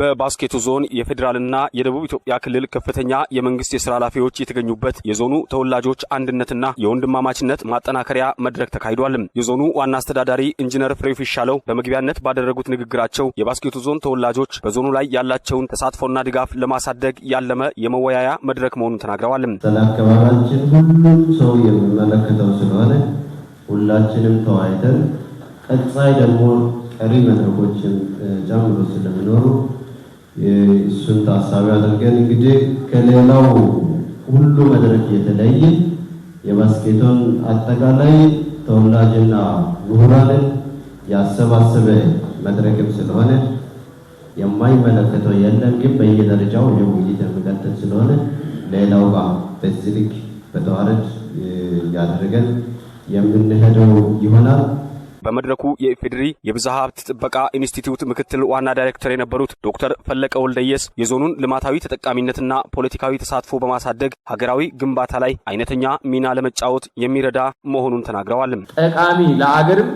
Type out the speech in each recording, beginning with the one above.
በባስኬቱ ዞን የፌዴራልና የደቡብ ኢትዮጵያ ክልል ከፍተኛ የመንግስት የስራ ኃላፊዎች የተገኙበት የዞኑ ተወላጆች አንድነትና የወንድማማችነት ማጠናከሪያ መድረክ ተካሂዷል። የዞኑ ዋና አስተዳዳሪ ኢንጂነር ፍሬው ፊሻለው በመግቢያነት ባደረጉት ንግግራቸው የባስኬቱ ዞን ተወላጆች በዞኑ ላይ ያላቸውን ተሳትፎና ድጋፍ ለማሳደግ ያለመ የመወያያ መድረክ መሆኑን ተናግረዋል። አካባቢያችን ሁሉም ሰው የሚመለከተው ስለሆነ ሁላችንም ተዋይተን ቀጻይ ደግሞ ቀሪ መድረኮችን ጨምሮ ስለሚኖሩ እሱን ታሳቢ አድርገን እንግዲህ ከሌላው ሁሉ መድረክ የተለየ የባስኬቶን አጠቃላይ ተወላጅና ምሁራንን ያሰባሰበ መድረክም ስለሆነ የማይመለከተው የለም፣ ግን በየደረጃው የውይይት የሚቀጥል ስለሆነ ሌላው ጋር በዚህ ልክ በተዋረድ ያደረገን የምንሄደው ይሆናል። በመድረኩ የኢፌዴሪ የብዝሃ ሀብት ጥበቃ ኢንስቲትዩት ምክትል ዋና ዳይሬክተር የነበሩት ዶክተር ፈለቀ ወልደየስ የዞኑን ልማታዊ ተጠቃሚነትና ፖለቲካዊ ተሳትፎ በማሳደግ ሀገራዊ ግንባታ ላይ አይነተኛ ሚና ለመጫወት የሚረዳ መሆኑን ተናግረዋል። ጠቃሚ ለአገርም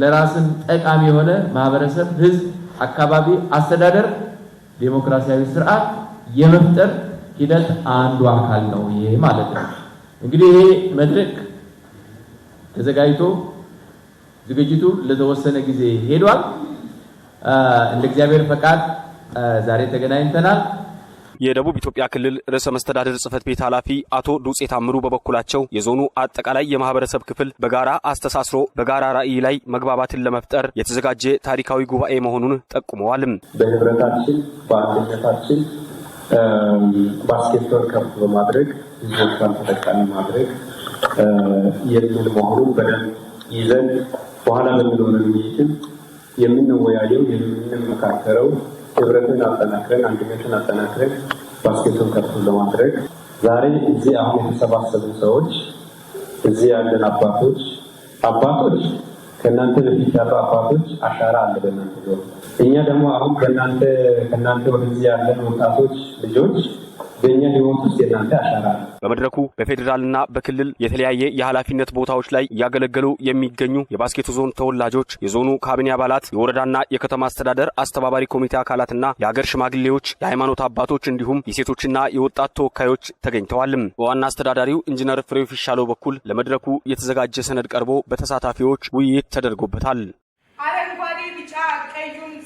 ለራስም ጠቃሚ የሆነ ማህበረሰብ፣ ህዝብ፣ አካባቢ፣ አስተዳደር፣ ዴሞክራሲያዊ ስርዓት የመፍጠር ሂደት አንዱ አካል ነው ይሄ ማለት ነው። እንግዲህ ይሄ መድረክ ተዘጋጅቶ ዝግጅቱ ለተወሰነ ጊዜ ሄዷል። እንደ እግዚአብሔር ፈቃድ ዛሬ ተገናኝተናል። የደቡብ ኢትዮጵያ ክልል ርዕሰ መስተዳድር ጽህፈት ቤት ኃላፊ አቶ ዱፄ ታምሩ በበኩላቸው የዞኑ አጠቃላይ የማህበረሰብ ክፍል በጋራ አስተሳስሮ በጋራ ራዕይ ላይ መግባባትን ለመፍጠር የተዘጋጀ ታሪካዊ ጉባኤ መሆኑን ጠቁመዋልም። በህብረታችን፣ በአንድነታችን ባስኬትወር ከፍ በማድረግ ህዝቦቿን ተጠቃሚ ማድረግ የሚል መሆኑን በደንብ ይዘን በኋላ በሚኖረን ውይይትም የምንወያየው የምንመካከረው ህብረትን አጠናክረን አንድነትን አጠናክረን ባስኬቱን ከፍ ለማድረግ ዛሬ እዚህ አሁን የተሰባሰቡ ሰዎች እዚህ ያለን አባቶች አባቶች ከእናንተ በፊት ያሉ አባቶች አሻራ አለ በእናንተ እኛ ደግሞ አሁን ከእናንተ ከእናንተ ወደዚህ ያለን ወጣቶች ልጆች በእኛ ህይወት ውስጥ የናንተ አሻራ ነው። በመድረኩ በፌዴራልና በክልል የተለያየ የኃላፊነት ቦታዎች ላይ እያገለገሉ የሚገኙ የባስኬቱ ዞን ተወላጆች፣ የዞኑ ካቢኔ አባላት፣ የወረዳና የከተማ አስተዳደር አስተባባሪ ኮሚቴ አካላትና የአገር ሽማግሌዎች፣ የሃይማኖት አባቶች እንዲሁም የሴቶችና የወጣት ተወካዮች ተገኝተዋልም። በዋና አስተዳዳሪው ኢንጂነር ፍሬው ፊሻለው በኩል ለመድረኩ የተዘጋጀ ሰነድ ቀርቦ በተሳታፊዎች ውይይት ተደርጎበታል። አረንጓዴ፣ ቢጫ፣ ቀዩን